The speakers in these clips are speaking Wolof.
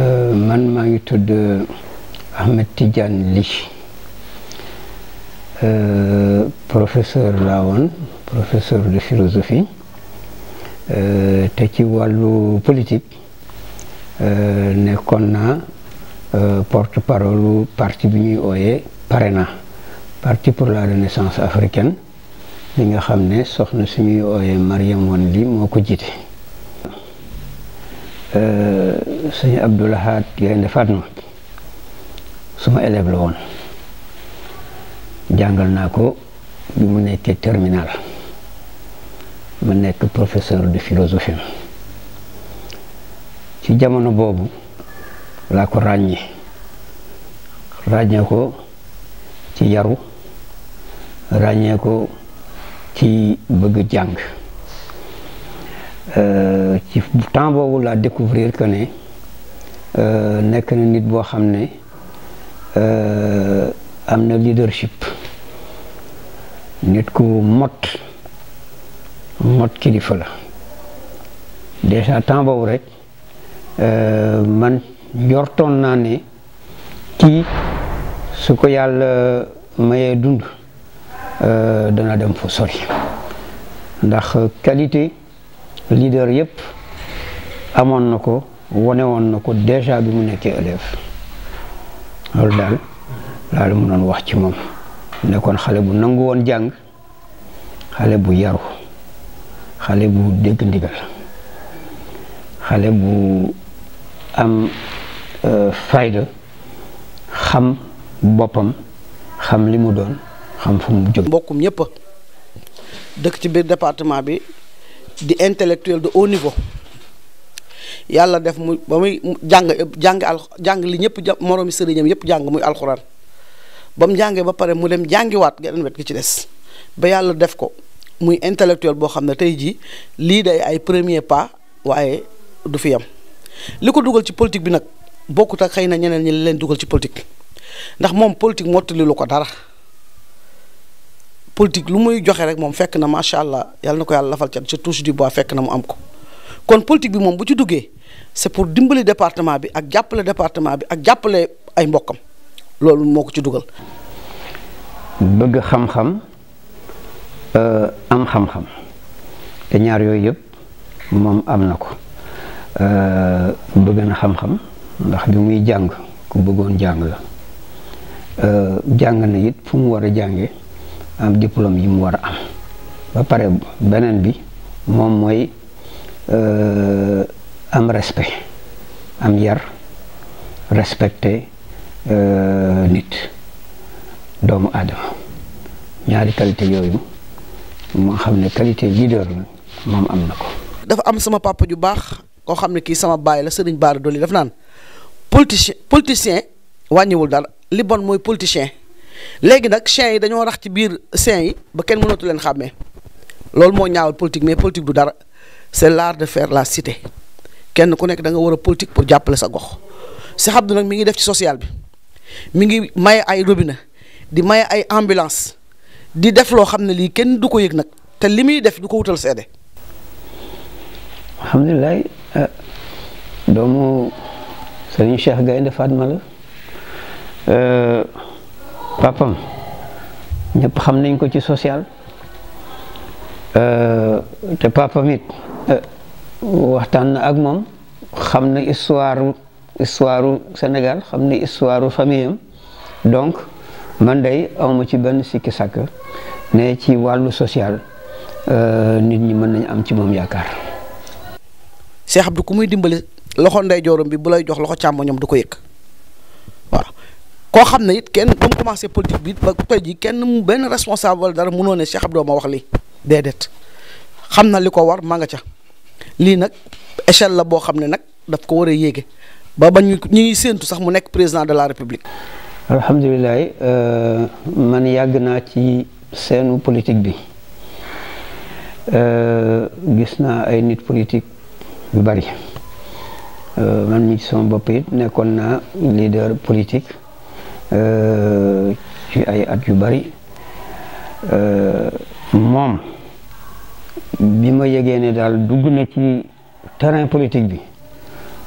Euh, man maa ngi tudd Ahmed Tidiane Ly euh, professeur laa woon professeur de philosophie euh, te ci wàllu politique nekkoon naa porte parole parti bi ñuy ooyee PARENA parti pour la renaissance africaine li nga xam ne soxna suñuy ooyee Mariam Wane Ly moo ko jiite. sëñ Abdul Ahad Gaynde Fatma suma élève la woon jàngal naa ko bi mu nekkee terminal ma nekk professeur de philosophie ci jamono boobu laa ko ràññee ràññee ko ci yaru ràññee ko ci bëgg jàng euh, ci temps boobu laa découvrir que ne Euh, nekk na nit boo xam ne euh, am na leadership nit ku mot mot kilifa la déjà temps boobu rek euh, man njortoon naa ne kii su ko yàlla mayee dund dana dem fu sori ndax qualité leader yëpp amoon na ko wane woon na ko déjà bi mu nekkee élève loolu daal laalu mu doon wax ci moom nekkoon xale bu nangu woon jàng xale bu yaru xale bu dégg ndigal xale bu am euh, fayda xam boppam xam li mu doon xam fu mu jóg mbokkum ñëpp dëkk ci biir département bi di intellectuel de au niveau yàlla def mu ba muy jàng jàng al li ñëpp moroomi sëriñam yëpp jàng muy alxuraan ba mu jàngee ba pare mu dem jàngiwaat geneen wet gi ci des ba yàlla def ko muy intellectuel boo xam ne tey jii lii day ay premier pas waaye du fi yam li ko dugal ci politique bi nag bokkut ak xëy na ñeneen ñi leen dugal ci politique ndax moom politique mottali lu ko dara politique lu muy joxe rek moom fekk na macha allah yàlla na ko yàlla lafal cat ci touche du bois fekk na mu am ko kon politique bi moom bu ci duggee c'est pour dimbali département bi ak jàppale département bi ak jàppale ay mbokkam loolu moo ko ci dugal. bëgg xam-xam euh, am xam-xam te ñaar yooyu yëpp moom am na ko euh, bëgg na xam-xam ndax bi muy jàng ku bëggoon jàng la euh, jàng na it fu mu war a jàngee am diplôme yi mu war a am ba pare beneen bi moom mooy. am respect am yar respecté euh, nit doomu adama ñaari qualité yooyu moo xam ne qualité leader la moom am na ko. dafa am sama papa ju baax koo xam ne kii sama bàyyi la Serigne Bara Dolly daf naan politicien politicien wàññiwul dara li mooy politicien léegi nag chien yi dañoo rax ci biir sein yi ba kenn mënatu leen xàmmee loolu moo ñaawal politique mais politique du dara c'est l'art de faire la cité. kenn ku nekk danga war a politique pour jàppale sa gox Cheikh du nag mi ngi def ci sociale bi mi ngi maye ay robine di maye ay ambulance di def loo xam ne lii kenn du ko yëg nag te li muy def du ko wutal seede. alhamdulilah ah, doomu sëriñ Cheikh Gaynde Fatma la ah, papam ñépp xam nañ ko ci social ah, te papam waxtaan na ak moom xam na histoire histoire Sénégal xam na histoire famille am donc man day am ci benn sikki sàkk ne ci wàllu social euh, nit ñi mën nañ am ci moom yaakaar. Cheikh Abdou ku muy dimbali loxo ndeyjooram bi bu lay jox loxo ñoom du ko yëg waaw koo xam ne it kenn ba mu commencé politique bi ba tey jii kenn mu benn responsable wala dara mënoo ne Cheikh Abdou ma wax lii déedéet xam na li ko war maa nga ca. lii nag échelle la boo xam ne nag daf ko war a yéege ba ba ñu ñuy séentu sax mu nekk président de la république. alhamdulilah euh, man yàgg naa ci seenu politique bi euh, gis naa ay nit politique yu bari euh, man mi ci sama bopp it nekkoon naa leader politique ci ay at yu bari moom. bi ma yegee ne daal dugg na ci terrain politique bi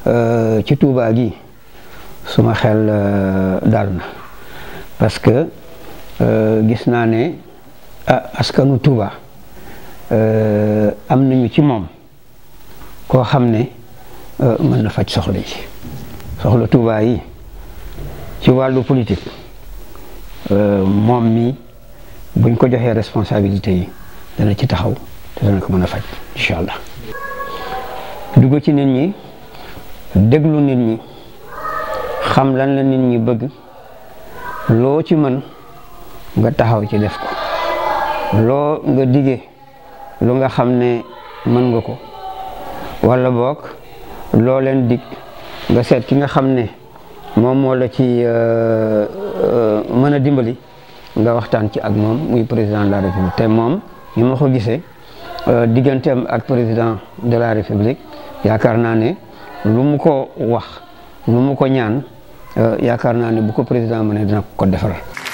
euh, ci tuubaa gi suma xel euh, daal na parce que euh, gis naa ne ah, askanu Touba am nañu ci moom koo xam ne mën na faj soxla yi soxla tuubaa yi ci wàllu politique moom mi buñ ko joxee responsabilité yi dana ci taxaw te danañ ko mën faj incha allah dugg ci nit ñi déglu nit ñi xam lan la nit ñi bëgg loo ci mën nga taxaw ci def loo nga digee lu nga xam ne mën nga ko wala boog loo leen dig nga seet ki nga xam ne moom moo la ci euh, euh, mën a dimbali nga waxtaan ci ak moom muy président de te moom ni ma ko gisee Euh, digganteem ak président de la république yaakaar naa ne lu mu ko wax lu mu ko ñaan euh, yaakaar naa ne bu ko président mënee dina ko defal.